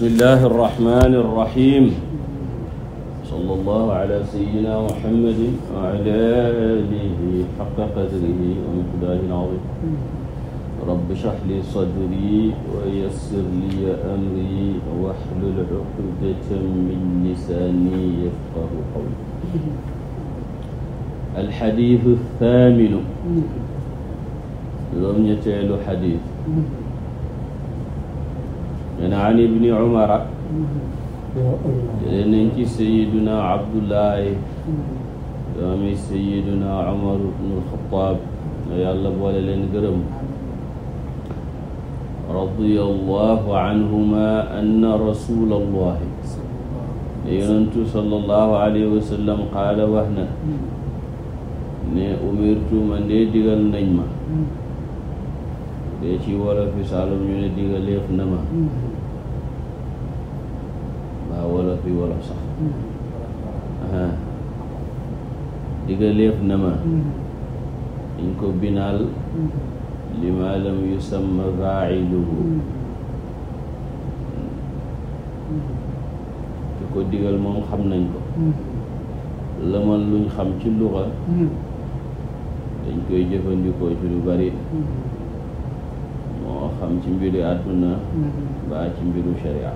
bismillahi irrahmani irrahim sala allahu ala sayidina muhammadin wa ala alihi xaqa qadrihi wa miqdaarihi al-aziim rabbi shrah li sadri wa yassir li amri wahlul uqdatan min lisaani yafqahu qawli alxadiisu thaaminu juróom-ñetteelu xadiis nee na an ibni umara jëlee mm-hmm. nañ ci sayiduna abdullahi mm-hmm. doomi sayiduna umar ibnul xataab na yàlla boole leen gërëm radiyallahu anhuma anna rasulallahi ne yonentu sallallahu alayhi wa sallam qaala wax na mm-hmm. ne umirtu man dee digal nañ ma dee ci wolof fi saalum ñu ne digaleef na ma waaw wolof yi wolof sax hmm. digaleef na ma hmm. dañ ko binaal hmm. lima lam yusamma faa'iluhu ki ko digal moom xam nañ ko lamal luñ xam ci luxa dañ koy jëfandikoo ci lu bari moo xam ci mbiru àdduna ba ci mbiru sharia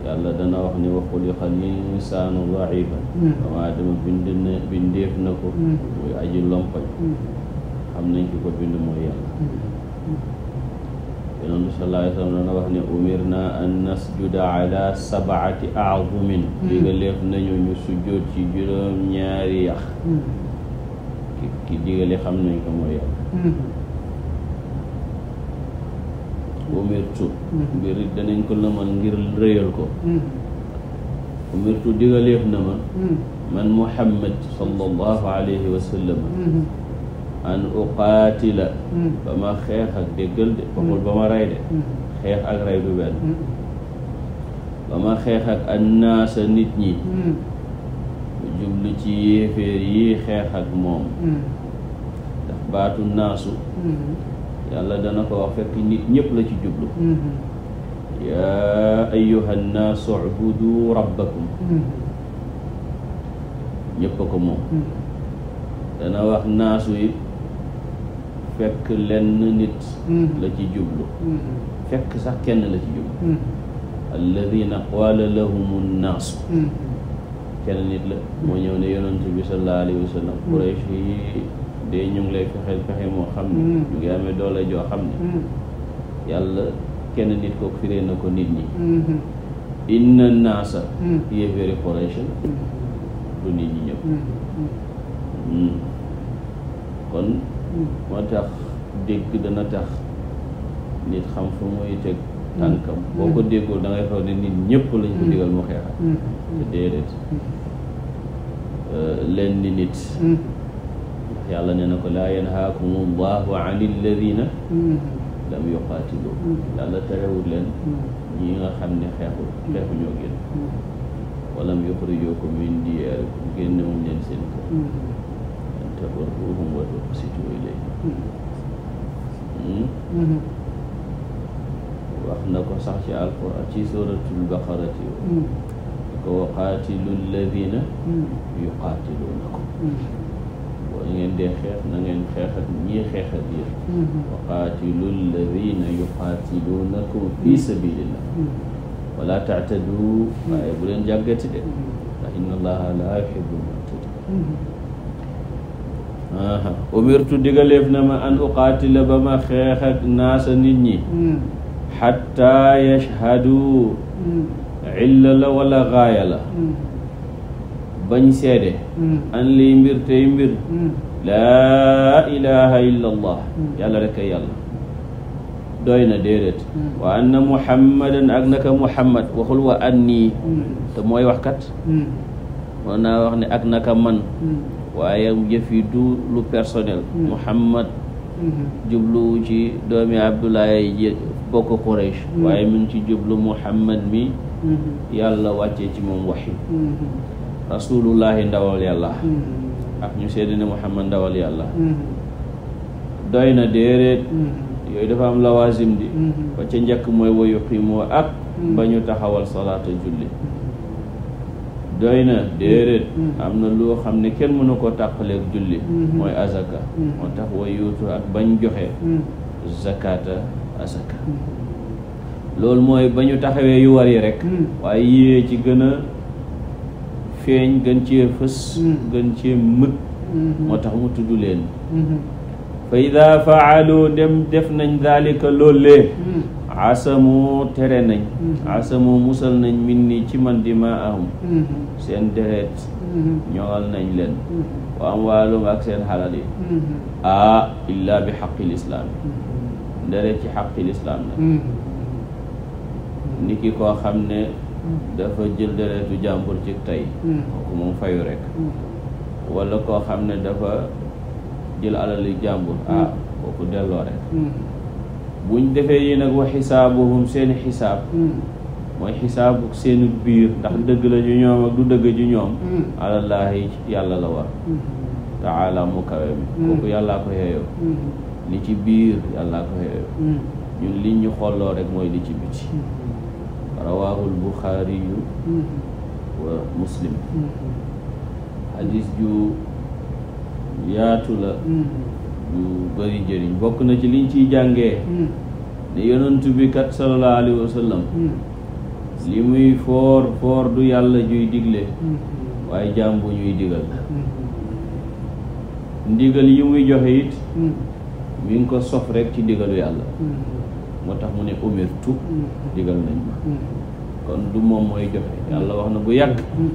yàlla dana wax ni wa xuliqal insaanu daifa hmm. doomu aadama bind na bindeef na ko hmm. muy aji lompoñ hmm. xam nañ ki ko bind mooy yàlla yonent bi sallallaahu alayhi wa sallam dana wax ne umirna an nasjuda ala sabaati azumin digaleef nañu ñu sujjóot ci juróom ñaari yax ki digale xam nañ ko mooy yàlla umirtu ngir mm-hmm. danañ ko lëmal ngir réyal ko mm-hmm. umirtu digaleef na ma mm-hmm. man muhammad sallallahu alayhi wa sallam an uqaatila ba ma xeex ak déggal de waxul ba ma rey de xeex ak rey du benn ba ma xeex ak annaasa nit ñi mu jublu ci yéeféer yi xeex ak moom ndax baatu naasu yàlla dana ko wax fekk nit ñëpp la ci jublu mm-hmm. yaa ayyuha nnaasu ubudu rabbakum mm-hmm. ñëpp a ko moom mm-hmm. dana wax naasu it fekk lenn nit la ci jublu fekk sax kenn la ci jublu alladina qaala lahum nnaasu kenn nit la moo ñëw ne yonent bi sallallahu alayhi wa sallam quraysh yi dee ñu ngi lay fexeel fexe moo xam ne mm. ñu ngi amee doole joo xam ne mm. yàlla kenn nit kooku firee na ko nit ñi mm-hmm. na naasa mm. yéeféeri Quraysh mm-hmm. du nit ñi ñëpp mm-hmm. kon moo tax dégg dana tax nit xam fu muy teg tànkam boo ko déggul da ngay nit ñëpp lañu ko digal mu xeexal te déedéet euh, lenn nit yàlla nee na ko laa yanhaakum allahu an alladina mm-hmm. lam yuqaatilu mm-hmm. yàlla terewul leen mm-hmm. ñi nga xam ne xeexu xeexu ñoo génn walam yuxrijukum min diyaarikum génnewuñ leen seen kër an tabarruhum wa tuqsitu ilayhim hmm? wax na ko sax ci alquran ci suratul baqarati ko wa qaatilu alladina yuqaatilunakum bu ngeen dee xeex na ngeen xeex ak ñii xeex ak yéen mm-hmm. mm-hmm. wa qaatilu alladina yuqaatiluunakum fi sabilillah wala taatadu waaye bu leen jàggati de ndax mm-hmm. inna allaha la yuhibbu mutadin umirtu digaleef na ma an uqaatila ba ma xeex ak naasa nit ñi xatta yashhadu illa la wala gaaya la bañ seede mm. an liy mbir tey mbir mm. laa ilaha illa allah mm. yàlla rek a yàlla doy na déedéet wa anna muhammadan ak naka muhammad waxul wa anni te mooy waxkat mën naa wax ne ak naka man waaye jëf yi du lu personnel muhammad mm-hmm. jublu ci doomi abdoulaye ji bokk quraish waaye mi ngi ci jublu muhammad mi mm-hmm. yàlla wàccee ci moom waxi mm-hmm. rasulullahi ndawal yàlla mm-hmm. ak ñu seede ne muhammad ndawal yàlla mm-hmm. doy na déeréet mm-hmm. yooyu dafa am lawazim di ba ca njëkk mooy wa yuqimu ak ba ñu taxawal salaata julli doy na déeréet am na loo xam ne kenn mënu koo tàqaleeg julli mooy azaka moo tax wa yuutu ak bañ joxe zakata azaka loolu mooy ba ñu taxawee yu war yi rek waaye yiyee ci gën feeñ gën cee fës mm. gën cee mët mm-hmm. moo tax mu tudd leen mm-hmm. fa ida faalu dem def nañ daalika loolee mm. asamu tere nañ mm-hmm. asamu musal nañ min ni ci man dimaahum seen deret ñoŋal nañ leen wa amwaalum ak seen xalal yi ah bi xaqil islaam deret ci xaqil islaam nag niki koo xam ne dafa jël deretu jàmbur ci tey hmm. kooku moom fayu rek hmm. wala koo xam ne dafa jël alali jàmbur hmm. ah kooku delloo rek buñ defee yi nag wa xisaabuhum seen xisaab mooy xisaabu seenu biir ndax dëgg la ju ñoom ak du dëgg ñoom alallaahi yàlla la war taala mu kawe mi kooku yàllaa ko yeeyoo li ci biir yàllaa ko yeeyoo ñun li ñu xolloo rek mooy li ci biti rawaahul buxaariyu wa muslim xadis ju yaatu la ju bëri jëriñ bokk na ci liñ ciy jànge ne yonent bi kat sallallahu alayhi wa li muy foor foor du yàlla juy digle waaye jaam bu ñuy digal ndigal yi muy joxe it mi ngi ko sof rek ci ndigalu yàlla moo tax mu ne umirtu digal nañ ma mm. kon du moom mooy joxe yàlla wax na bu yàgg mm.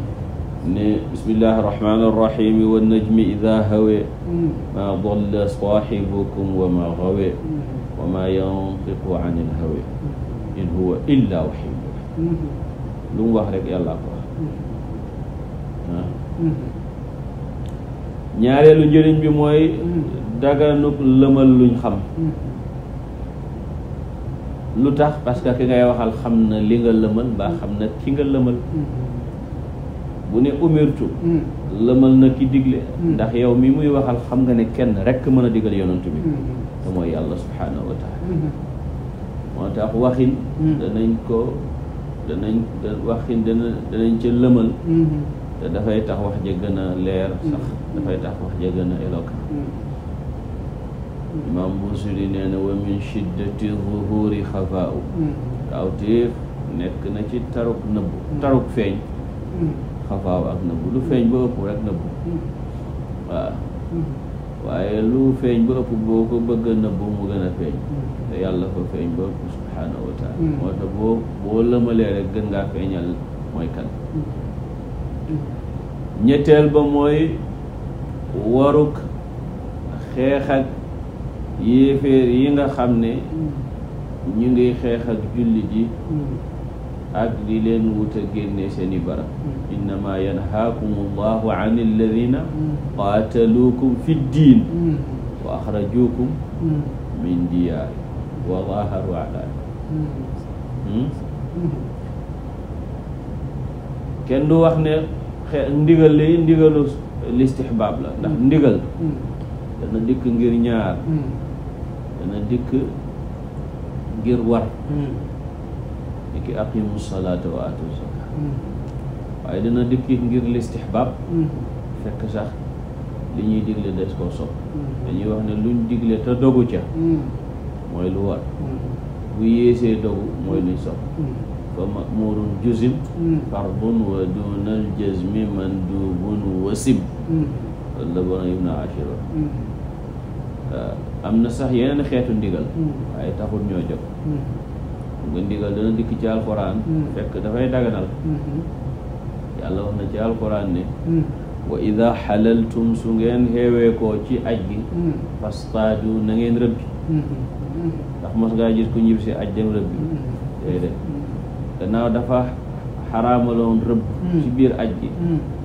ne bismillahi irrahmani irrahimi wa najmi ida hawe mm. maa dalla saaxibukum wa maa gawe wa maa yantiqu an il hawe in huwa illa waxyu mm-hmm. lu mu wax rek yàllaa ko wax waaw mm-hmm. ah. mm-hmm. ñaareelu njëriñ bi mooy daganuk lëmal luñ xam lu tax parce que ki ngay waxal xam na li nga lëmal mbaa xam na ki nga lëmal mm-hmm. bu ne umirtu mm-hmm. lëmal na ki digle mm-hmm. ndax yow mi muy waxal xam nga ne kenn rekk mën a digal yonent bi te mooy yàlla subhaanahu wa taala moo tax waxin danañ ko danañ waxin danañ ca lëmal te dafay tax wax ja gën a leer sax dafay tax wax ja gën a imaam Busiri nee na wa shiddati zuhuri xafaaw kawtéef mm-hmm. nekk na ci taruk nëbbu mm-hmm. taruk feeñ mm-hmm. xafaaw ak nëbbu lu feeñ ba ëpp rek nëbbu waaw waaye lu feeñ ba ëpp boo ko bëgg nëbbu mu gën a feeñ te yàlla fa feeñ ba ëpp subhaanahu wa moo tax boo boo lëmalee rek gën ngaa feeñal mooy kan ñetteel ba mooy waruk xeex ak yéeféer yi nga xam ne ñu ngi xeex ak jullit ak di leen wut a génne seeni barab innama yanhaakum allahu an alladina qaataluukum fi ddiin wa axrajuukum min diyaari wa daaharu ala hmm? kenn du wax ne xe ndigal lay ndigalu listihbaab la ndax ndigal dana dikk ngir ñaar dana dikk ngir war ni hmm. ki aqimu salaata wa atu zakat hmm. waaye dana dikk ngir listihbaab hmm. fekk sax li ñuy digle des koo sopp dañuy wax ne luñ digle te dogu ca mooy lu war bu yéesee dogu mooy luñ sopp fa ma'murun juzim fardun wa dunal jazmi mandubun wasim loolu la bon ibnu ashir waaw am na sax yeneen xeetu ndigal hmm. waaye taxul ñoo jóg hmm. nga ndigal dana dikk ci alquran hmm. fekk dafay daganal yàlla wax na ci alquran ne wa ida xalaltum su ngeen xeewee koo ci aj gi fastaaju na ngeen rëbbi ndax mos ngaa gis ku ñib si aj dem rëbbi déedéet gannaaw dafa xaraamaloon rëbb ci biir aj gi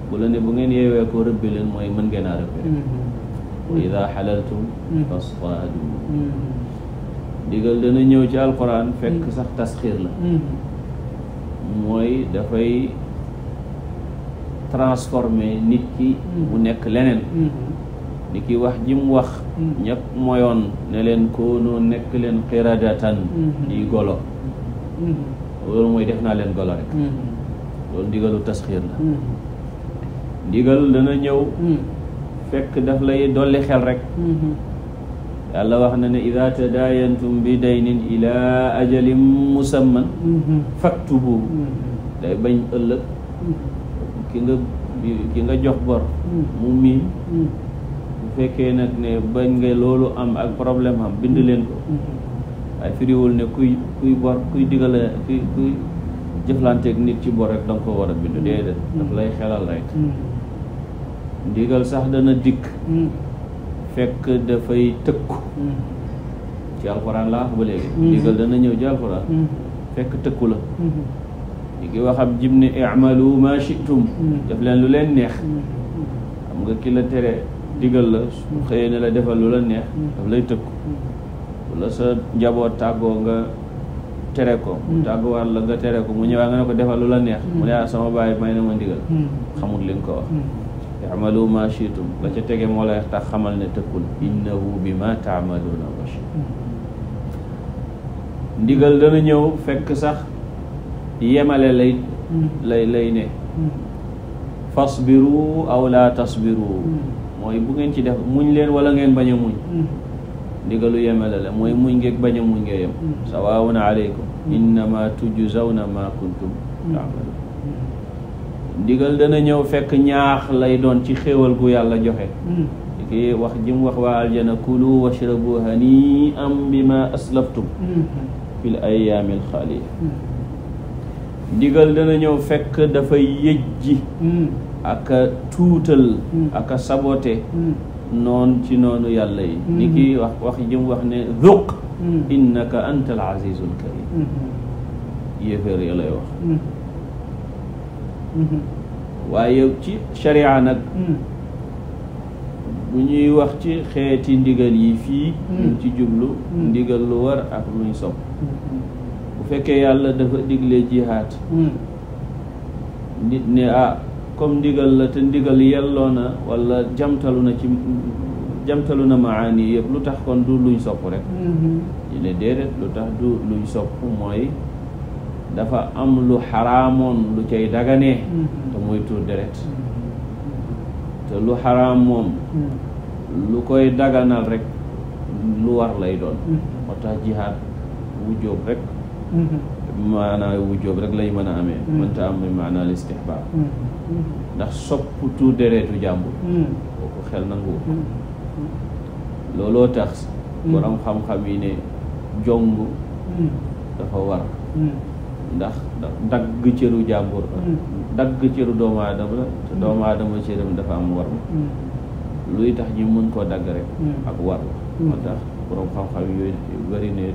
bu la ne bu ngeen yeewee koo rëbbi leen mooy mën ngeen a wa ida xalaltum fasfaadu digal dana ñëw ci alquran fekk sax tasxiir la mooy dafay transformer nit ki mu nekk leneen ni ki wax ji mu wax ñëpp moyoon ne leen koonoo nekk leen xiradatan di golo loolu mooy def naa leen golo rek loolu ndigalu tasxiir la ndigal dana ñëw fekk daf lay dolli xel rek mm-hmm. yàlla wax na ne ida tadaayantum bi daynin ila ajalin musamman mm-hmm. faktubu mm-hmm. day bañ ëllëg ki nga ki nga jox bor mu miin bu fekkee nag ne bañ nga loolu am ak problème am bind leen ko waaye firiwul ne kuy kuy bor kuy digale kuy kuy jëflanteeg nit ci bor rek da ko war a bind déedéet daf lay xelal rek ndigal sax dana dikk hmm. fekk dafay tëkku hmm. ci alxuraan laa wax ba léegi hmm. ndigal dana ñëw ci alxuraan fekk tëkku la ñu ngi wax ab jib ne i'malu ma shi'tum def leen lu leen neex xam nga ki la tere digal la su xëyee ne la defal lu la neex daf lay tëkku wala sa njaboot tàggoo nga tere ko mu tàgguwaat la nga tere ko mu ñëwaa nga ne ko defal lu la neex mu ne ah, sama baay may na ma ndigal xamul li nga ko wax i'malu ma shi'tum la ca tege moo tax xamal ne tëkkul innahu ndigal dana ñëw fekk sax yemale lay mm. lay lay ne mm. fasbiru aw laa tasbiru mm. mooy bu ngeen ci def muñ leen wala ngeen bañ a muñ ndigalu yemale la mooy muñ ngeeg bañ a muñ ngee yem sawaawun alaykum innama tujzawna ma kuntum ta'malun ndigal dana ñëw fekk ñaax lay doon ci xéewal gu yàlla joxe di hmm. ki wax jim wax waa aljana kulu washrabu hani am bi ma aslaftum hmm. fil ayaamil xaaliya hmm. ndigal dana ñëw fekk dafay yëjji aka tuutal aka sabote noon ci noonu yàlla yi ni ki wax wax jëm wax ne duq innaka anta al azizul karim yéeféer ya lay wax Mm-hmm. waaye ci sharia nag mm. bu ñuy wax ci xeeti ndigal yi fii mm. ci jublu mm. ndigal lu war ak luñ sopp mm-hmm. bu fekkee yàlla dafa digle jihaad nit ne ah comme ndigal la te ndigal yelloo na wala jamtalu na ci jamtalu na maani yëpp lu tax kon du luñ sopp rek mm-hmm. ñu ne déedéet lu tax du luñ sopp mooy dafa am lu xaraamoon lu cay daganee mm-hmm. te muy tuur deret mm-hmm. te lu xaraam moom mm-hmm. lu koy daganal rek lu war lay doon moo tax jihaad wu jóob rek maanaa wu jóob rek lay mën a amee mënta am maanaa l istihbaab ndax sopp tuur deretu jàmbur kooku xel nangu looloo tax borom xam-xam yi ne jong dafa war ndax dagg cëru jàmbur la mm. dagg cëru doomu aadama la te mm. doomu aadama cëram dafa am war ma mm. luy tax ñu mën koo dagg rek ak war moo tax borom xam-xam yooyu bëri ne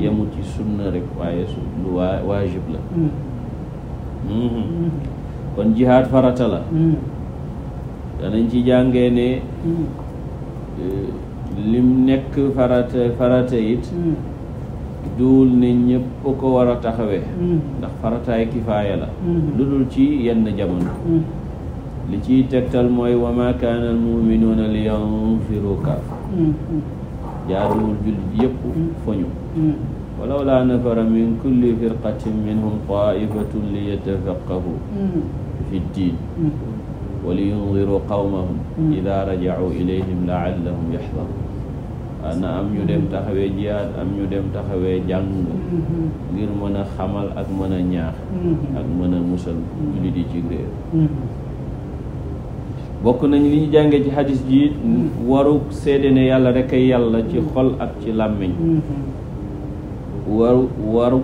yongu ci sunna rek waaye su lu la mm-hmm. kon jihaad farata la danañ ci jàngee ne eh, lim nekk farata farata it duul ne ñëpp ko war a taxawee mm. ndax farataay kifaaya la mm. lu dul ci yenn jamono mm. li ciy tegtal mooy wa ma kaana al muminuuna li yanfiru kaafa jaaruwul jullit yëpp foñu walaw laa nafara min kulli firqatin minhum taifatun li yatafaqahu fi ddin wa li yundiru qawmahum ida rajacuu ilayhim laallahum yaxdarun ana am ñu dem taxawee jiyaat am ñu dem taxawee jàng mm-hmm. ngir mën a xamal ak mën a ñaax mm-hmm. ak mën a musal jullit yi ci réer mm-hmm. bokk nañ li ñu jàngee ci xadis ji waru seede ne yàlla rek ay yàlla ci xol ak ci làmmiñ waru waru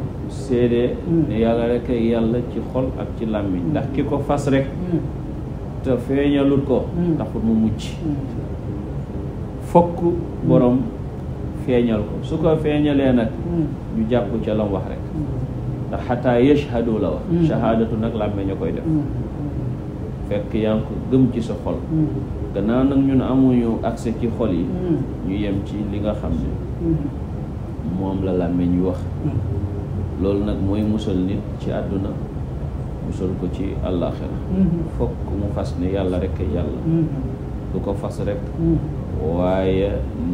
yàlla rek yàlla ci xol ak ci làmmiñ ndax ki ko fas rek te feeñalut ko taxul mu mucc fokk borom feeñal ko su ko feeñalee nag ñu jàpp ca lam wax rek ndax xataa yashhadu la wax mm. shahaadatu nag làmmeñ a koy def mm. fekk yaa ngi ko gëm ci sa xol mm. gannaaw nag ñun amuñu accès ci xol yi ñu yem ci li nga xam ne moom la làmmeñ ñu wax loolu nag mooy musal nit ci àdduna musal ko ci àllaaxira mm-hmm. fokk mu fas ne yàlla rek yàlla du mm-hmm. ko fas rek mm-hmm. waaye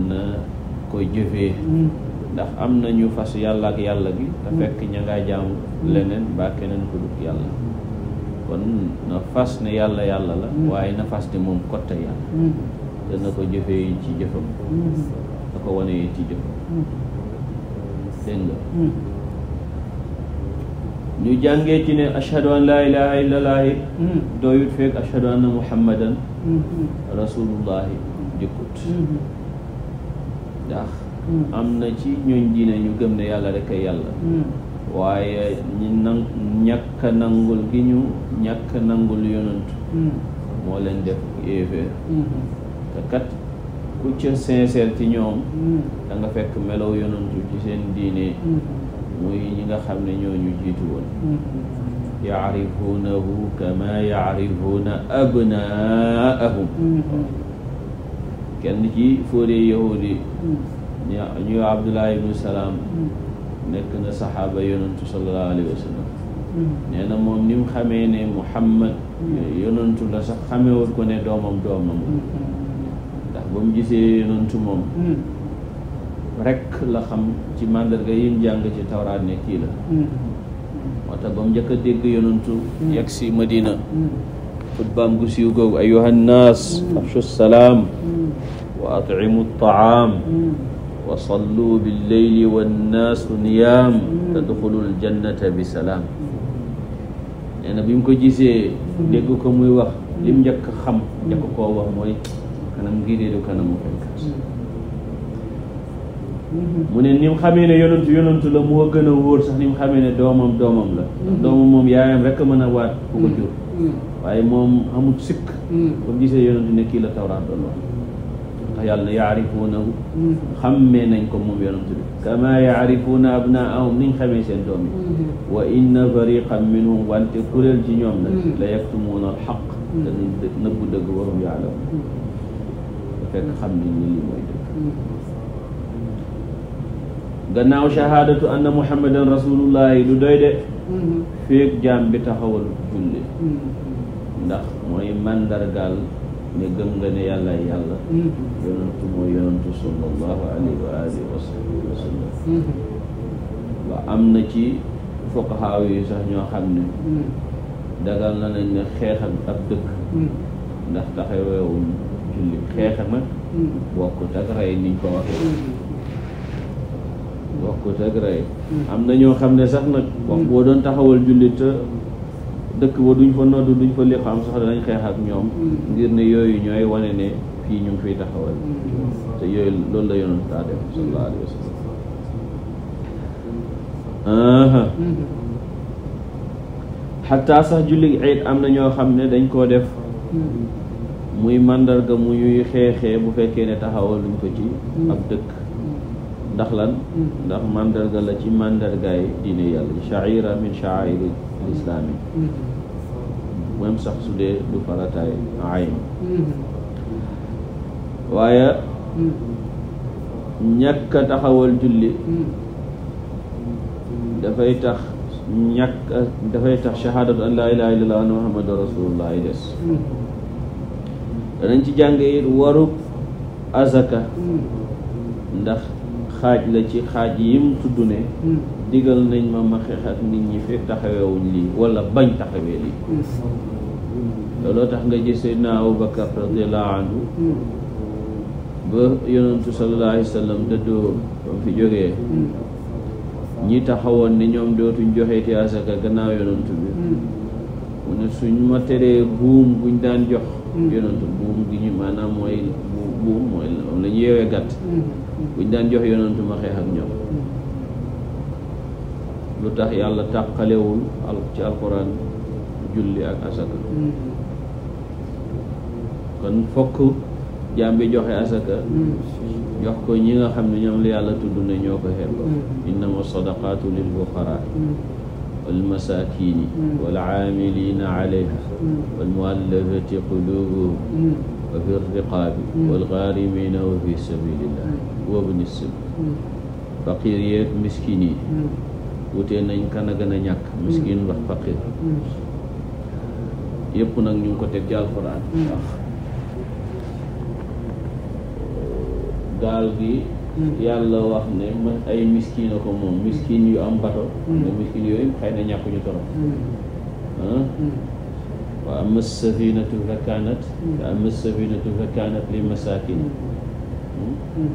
na ko jëfee hmm. ndax am na ñu fas yàlla yàlla gi te hmm. fekk ña ngaa jaamu hmm. leneen ba keneen ko dugg yàlla kon na fas ne yàlla yàlla la waaye na fas ne moom kotte yàlla te na ko jëfee ci jëfam na ko wane ci jëfam dégg ñu jàngee ci ne ashhadu an laa ilaha illa llaahi dooyut feek ashhadu anna muhammadan rasulullahi jëkkut mm-hmm. ndax mm-hmm. am na ci ñooñ diine ñu gëm ne yàlla rek a yàlla mm-hmm. waaye ñi nang ñàkk nangul gi ñu ñàkk nangul yonant moo leen def yéeféer te kat ku ca sincère ci ñoom da nga fekk melow yonantu ci seen diine muy ñi nga xam ne ñoo ñu jiitu woon yaarifuunahu kama yaarifuuna abnaahum kenn ci fóore yahudi mm. ñu abdullah ibnu salaam mm. nekk na saxaaba yonantu sallallahu alayhi wa mm. na moom ni mu xamee ne muhammad eh, yonantu la sax xamewul ko ne doomam doomam ndax ba mu gisee yonantu moom rek la xam ci màndarga yi mu jàng ci tawraat ne kii la moo ba mu njëkk a dégg yonantu yegg si madina xutbaam gu siiw googu ayuha nnaas afshu salaam wa atcimu ltaam wa sallu billeyli wannaasu niyaam tadxulu ljannata bi salaam nee na bi mu ko gisee dégg ko muy wax lim njëkk xam njëkk koo kanam gii dee du mu ne ni mu xamee ne yonantu la moo gën a wóor sax ni ne doomam doomam la doomam moom yaayam rek mën a waat ku ko waaye moom amul sikk comme gisee yonent ne kii la tawraat doon wax yàlla ne yaarifuunahu hmm. nañ ko moom yonent bi kama yaarifuuna abnaahum niñ xamee seen doom yi hmm. wa inna wante kuréel ci ñoom nag hmm. la yaktumuuna al xaq danañ nëbbu dëgg warum yaalam da fekk xam nañ ni lii mooy dëgg gannaaw shahaadatu anna muhammadan rasulullahi du doy de féeg jaam bi taxawal ndax mooy màndargaal ne gëm nga ne yàlla yàlla mm-hmm. yonentu mooy yonentu sallallahu alayhi wa alihi wa sahbihi wa mm-hmm. am na ci fuqahaa yi sax ñoo xam ne mm-hmm. dagal na nañ ne xeex ak ab dëkk ndax taxaweewuñ julli xeex ma bokkut ak rey niñ ko waxee bokkut ak rey am na ñoo xam ne sax nag wax doon taxawal julli dëkk ba duñ fa noddu duñ fa liqaam sax danañ xeex ak ñoom mm. ngir ne yooyu ñooy wane ne fii ñu ngi fiy taxawal mm. te yooyu loolu la yonent taa def sallallahu alayhi mm-hmm. sax julli eid am na ñoo xam ne dañ koo def mm-hmm. muy màndarga mu ñuy xeexee bu fekkee ne taxawal luñ ko ci mm-hmm. ab dëkk ndax lan ndax màndarga la ci màndargaay diine yàlla sha'ira min sha'airi islaam mm-hmm. yi sax su dee du farataay ayn mm-hmm. waaye mm-hmm. ñàkk taxawal julli dafay tax ñàkk dafay tax shahadatu an laa ilaha illallah anna muhammadu rasulullah ay des danañ ci jàng it warub azaka ndax xaaj la ci xaaj yim tudd ne digal nañ ma ma xeex ak nit ñi fekk taxawewuñ lii wala bañ taxawee lii looloo tax nga gis Seydina Abubakar radiallahu anhu ba yonentu sallallahu alayhi wa dëddoo fi jógee ñi taxawoon ni ñoom dootuñ joxeeti asaka gannaaw yonentu bi mu suñ ma teree buum buñ daan jox yonentu buum gi ñu maanaam mooy buum mooy moom la ñu gàtt mm. buñ daan jox yonentu ma xeex ak ñoom lu tax yàlla tàqalewul al ci alquran julli ak asaka mm-hmm. kon fokk jaam bi joxe asaka mm-hmm. jox ko ñi nga xam ne ñoom la yàlla tudd ne ñoo ko xeelloo mm-hmm. innama sadaqaatu lil fuqaraa wal masaakiini wal aamiliina alayha wal muallafati quluubuhum wa fi riqaabi wal ghaarimiina wa fi sabilillah wa bni sabil faqiir yeeg miskin yi wutee nañ kan a gën a ñàkk mm. miskin wax faqir mm. yëpp nag ñu ngi ko teg ci alxuraan ndax mm. gaal gi yàlla wax ne man ay miskin a ko moom miskin yu am bato miskin yooyu xay na ñàkkuñu torop wa ama safinatu fa kaanat wa ama safinatu fa kaanat li masaakin hmm?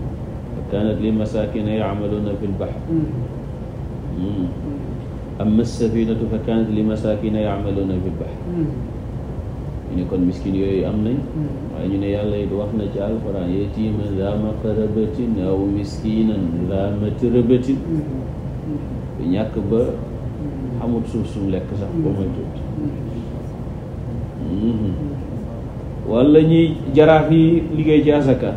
fa kaanat li masaakin ya'maluna fil bahr Mm. amma safinatu fa kanat li masakina yaamaluna fi bahr mm. ñu kon miskin yooyu am nañ mm. waaye ñu ne yàlla it wax na ci alquran yetiman za maqrabatin aw miskinan za matrabatin bu ñàkk ba xamut suuf sum lekk sax ba may tuut wala ñuy jaraaf yi liggéey ci asaka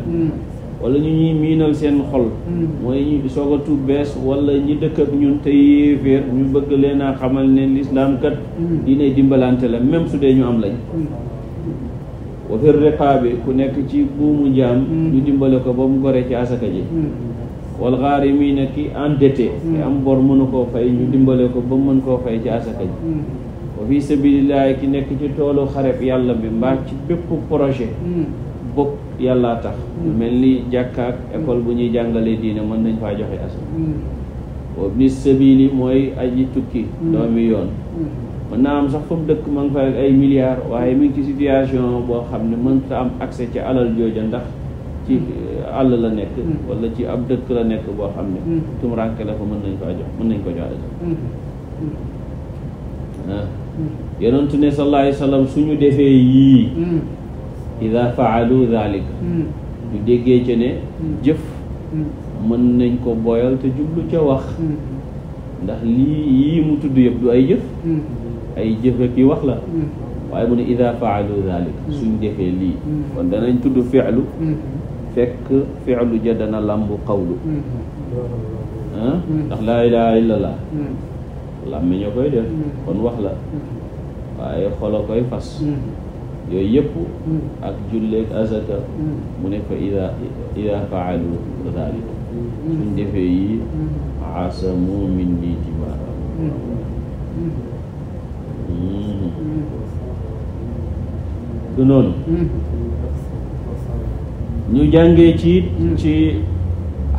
wala ñu ñuy miinal seen xol hmm. mooy ñu soog a bees wala ñi dëkk ak ñun te yéeféer ñu bëgg leen a xamal ne lislaam kat hmm. diine dimbalante la même su dee ñu am lañ hmm. wa fir riqaabi ku nekk ci buumu njaam ñu dimbale ko ba mu gore ci asaka ji wal gharimiina ki endetté te am bor mënu koo fay ñu dimbale ko ba mën koo fay ci asaka sabilillahi ki nekk ci toolu xareb yàlla bi mbaa ci bépp projet bopp yàllaa tax lu mm. mel ni ak école bu ñuy jàngalee diine mën nañ faa joxe asaka mm. wa ibni sabili mooy aji tukki mm. doomi yoon mën naa am sax fa dëkk ma ngi ay milliards waaye mi ngi ci situation boo xam ne mën mënta am accès ci alal jooja ndax ci eh, àll la nekk wala ci ab dëkk la nekk boo xam ne tumuranke la fa mën nañ ko jox mën nañ ko jox ah. yonentu ne sallallahu alayhi wa sallam defee yii ida faalu dalik ñu déggee ne hmm. jëf hmm. mën nañ ko boyal te jublu ca wax hmm. ndax lii yii mu tudd yëpp ay jëf ay jëf ak yi wax la waaye mu ne ida faalu dalik suñ defee lii kon danañ tudd fi'lu fekk fi'lu ja dana lamb qawlu ndax laa ilaha illa allah làmmiñ a koy def kon wax la waaye xol koy fas yooyu yëpp hmm. ak julleeg azaka hmm. mu ne fa ida ida faalu dalik hmm. suñ defee yi asamu min ni dimaa du noonu ñu jàngee ci ci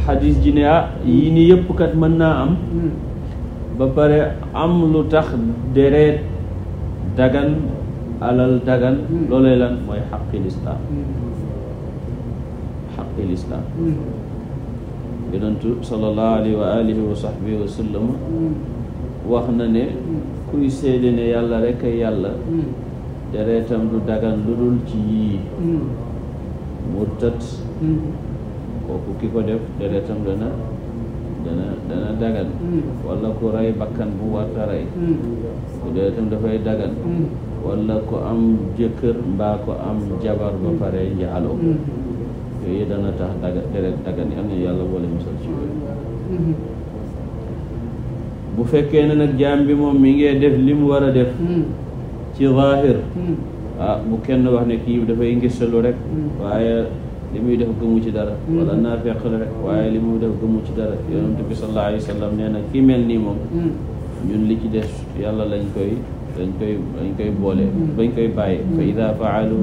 xadis ji ah, yi ni yëpp kat mën naa am ba pare am lu tax deret dagan alal dagan hmm. loolay lan mooy xaqi lislaam hmm. xaqi lislaam hmm. yonentu sallallahu alayhi wa alihi wa sahbihi wa sallam wax na ne kuy seede ne yàlla rek a yàlla deretam du dagan lu dul ci yii murtat kooku ki ko def deretam dana dana dagan wala ku rey bakkan bu warta rey ku deretam dafay dagan wala ku am jëkkër mbaa ku am jabar ba pare njaaloo mm-hmm. yooyu dana tax daga deret dagan yal na yàlla wala musal ci yooyu mm-hmm. bu fekkee ne nag jaam bi moom mi ngee def li mu war a def mm. ci zaahir mm. ah kenn wax ne kii dafay ngistalu rek mm. waaye li muy def gëmu ci dara wala naafeq la rek waaye li muy def gëmu ci dara yonent bi sallallahu alayhi wa nee na ki mel nii moom ñun li ci des yàlla lañ koy dañ koy dañ koy boole bañ koy bàyyi fa ida faalu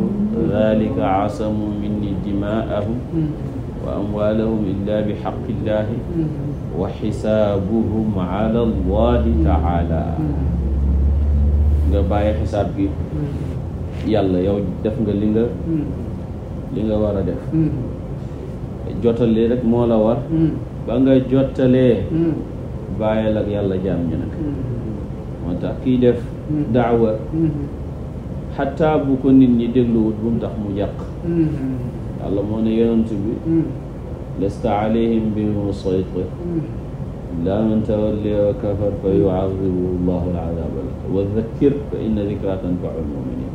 dalika aasamu minni dimaahum wa amwaalahum illa bi xaqillahi wa xisaabuhum ala allahi taala nga bàyyi xisaab gi yàlla yow def nga li nga li nga war a def jottali rek moo la war ba nga jottalee bàyyil ak yàlla jaam ñu nag moo tax kiy def daawa xataa bu ko nit ñi dégluwut bu mu tax mu yàq yàlla moo ne yonent bi lasta alayhim bi musaytir illaa man tawalliya wa kafar fa yuazibuhu llahu al-azaab al-akbar wa dhakkir fa inna dhikraa tanfau al-mu'miniin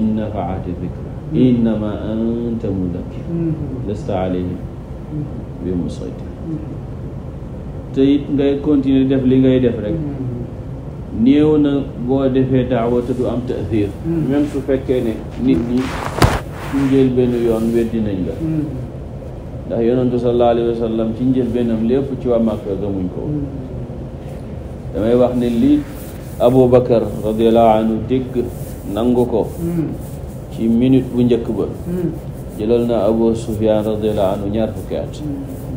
in nafaati dhikra innamaa anta mudhakkir lasta alayhim bi musaytir te it ngay continuer def li ngay def rek néew na boo defee daawa te du am taasiir hmm. même su fekkee ne nit ñi ci njëlbeenu yoon weddi nañ la hmm. ndax yonentu sallallahu alayhi wa sallam ci njëlbeenam lépp ci waa Makka gëmuñ ko hmm. damay wax ne li Abu Bakar radiyallahu anhu dégg nangu ko ci minute bu njëkk ba jëlal na Abu Sufyaan radiyallahu anhu ñaar fukki at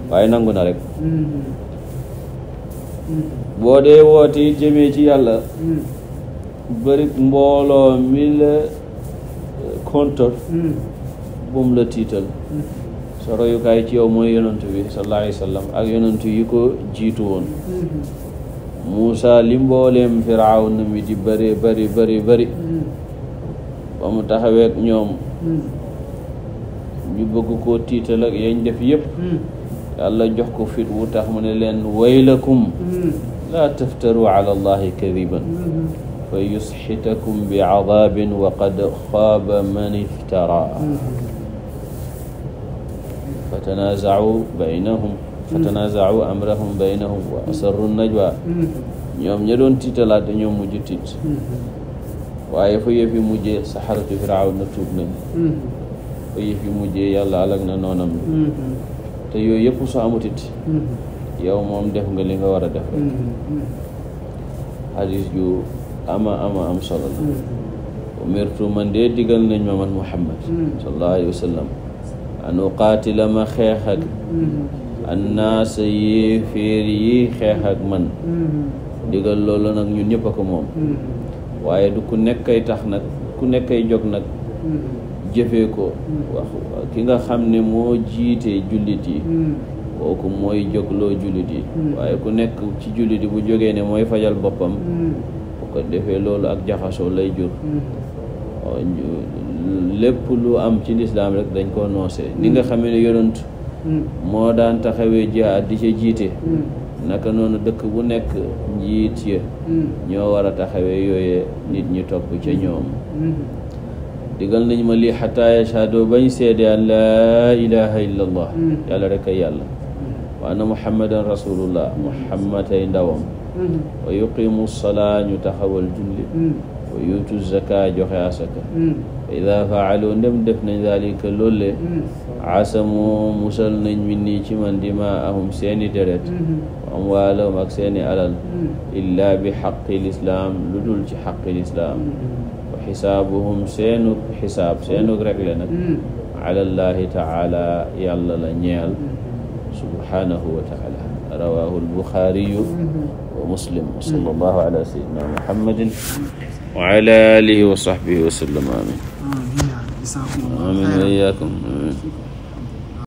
waaye nangu na rek boo dee woote it jëmee ci yàlla hmm. bëri mbooloo mi la eh, kontor hmm. bum la tiital hmm. soroyukaay ci yow mooy yonantu bi sallallahu alayhi ak yonantu yi ko jiitu woon Muusa li mbooleem Firawna mi di bëri bëri bëri ba mu taxaweek ñoom ñu bëgg ko tiital ak yañ def yëpp yàlla jox ko fit wu tax mu ne leen waylakum laa taftaru ala allahi kadiban fa yusxitakum bi cadaabin wa qad xaaba man iftaraa fa tanaaza'u baynahum fa tanaaza'u amrahum baynahum wa asarru najwa ñoom ña doon tiitalaat dañoo mujj tiit waaye fa yëf yi mujjee saxaratu firawna tuub nañ fa yëf yi mujjee yàlla alag na noonam te yooyu yëpp su amutit yow moom def nga li nga war a def rek xadis mm-hmm. ama ama am solo la mm-hmm. umirtu man dee digal nañ ma man muhammad mm-hmm. sallallahu alayhi wa sallam an uqaatila ma xeex ak annaasa yi féer yi xeex ak man digal loolu nag ñun ñëpp a ko moom waaye du ku nekkay tax nag ku nekkay jog nag jëfe ko wax ki nga xam ne moo jiite jullit yi kooku mooy jógloo jullit yi hmm. waaye ku nekk ci jullit yi bu jógee ne mooy fajal boppam hmm. bu ko defee loolu ak jaxasoo lay jur hmm. lépp lu am ci lislaam rek dañ koo noose ni nga xamee ne yonent moo daan taxawee jihaad di jiite naka noonu dëkk bu nekk njiit ya ñoo war a taxawee yooyee nit ñi topp ca ñoom digal nañ ma lii xataa yashhadu bañ seede an laa ilaha illa yàlla rek ay yàlla wa anna muhammadan rasulullah muhammad ay ndawam mm-hmm. wa yuqimu salaa ñu taxawal julli mm-hmm. wa yuutu zaka joxe asaka fa mm-hmm. ida faalu ndem def nañ dalika loole asamu musal nañ min nii ci man dimaahum seeni deret wa amwaalahum ak seeni alal illaa bi xaqi lislaam lu dul ci xaqi lislaam wa xisaabuhum seenuk xisaab seenuk rek le nag ala llahi taala yàlla la ñeel subhanahu wa taala rawahu albuxaariyu wa muslim wa salla allahu ala sayyidina muhammadin wa ala alihi wa sahbihi wa sallam amin amin wa iyaakum amin